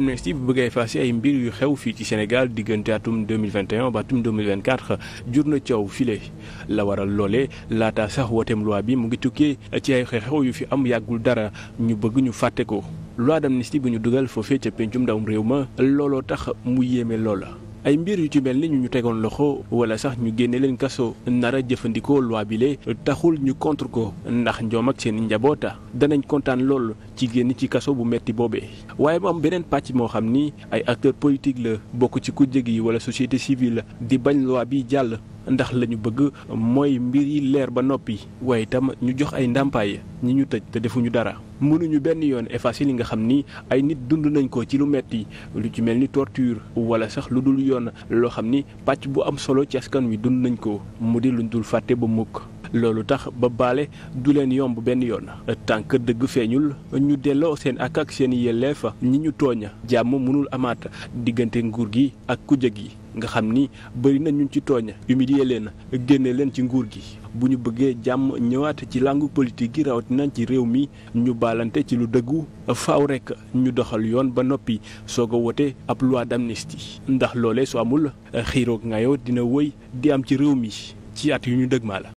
amnistie bu bëgg a effacer ay mbir yu xew fii ci Sénégal diggante atum 2021 ba atum 2024 jur na coow file la waral loole laata sax wooteem loi bi mu ngi tukkee ci ay xew yu fi am yàggul dara ñu bëgg ñu fàtte ko loi d'amnistie bi ñu dugal foofee ca pencum ndawum réew ma looloo tax mu yéeme loola ay mbir yu ci mel ni ñu ñu tegoon loxo wala sax ñu génne leen kaso nara jëfandikoo loi bile taxul ñu contre ko ndax ñoom ak seen njaboota danañ kontaan lool ci génn ci kaso bu metti boobee waaye mu beneen pàcc moo xam ni ay acteurs politiques la bokk ci ku kujje yi wala société civile di bañ luwaa bi jàll ndax la ñu bëgg mooy mbir yi leer ba noppi waaye itam ñu jox ay ndàmpaay ñi ñu tëj te defuñu dara mënuñu benn yoon effacer li nga xam ni ay nit dund nañ ko ci lu metti lu ci mel ni torture wala sax lu dul yoon loo xam ni pàcc bu am solo ci askan wi dund nañ ko mu di luñ dul fàtte ba mukk loolu tax ba baale du leen yomb benn yoon tànk dëgg feeñul ñu delloo seen ak ak seen yelleef ñi ñu tooñ jàmm mënul amaat diggante nguur gi ak kujje gi nga xam ni bëri na ñun ci tooñ humilier leen génne leen ci nguur gi bu ñu bëggee jàmm ñëwaat ci làngu politique gi rawatina ci réew mi ñu balante ci lu dëggu faaw rek ñu doxal yoon ba noppi soog a wote ab loi d'amnistie ndax loolee su amul xiiroog ngayoo dina woy di am ci réew mi ci at yu ñu dëgmaa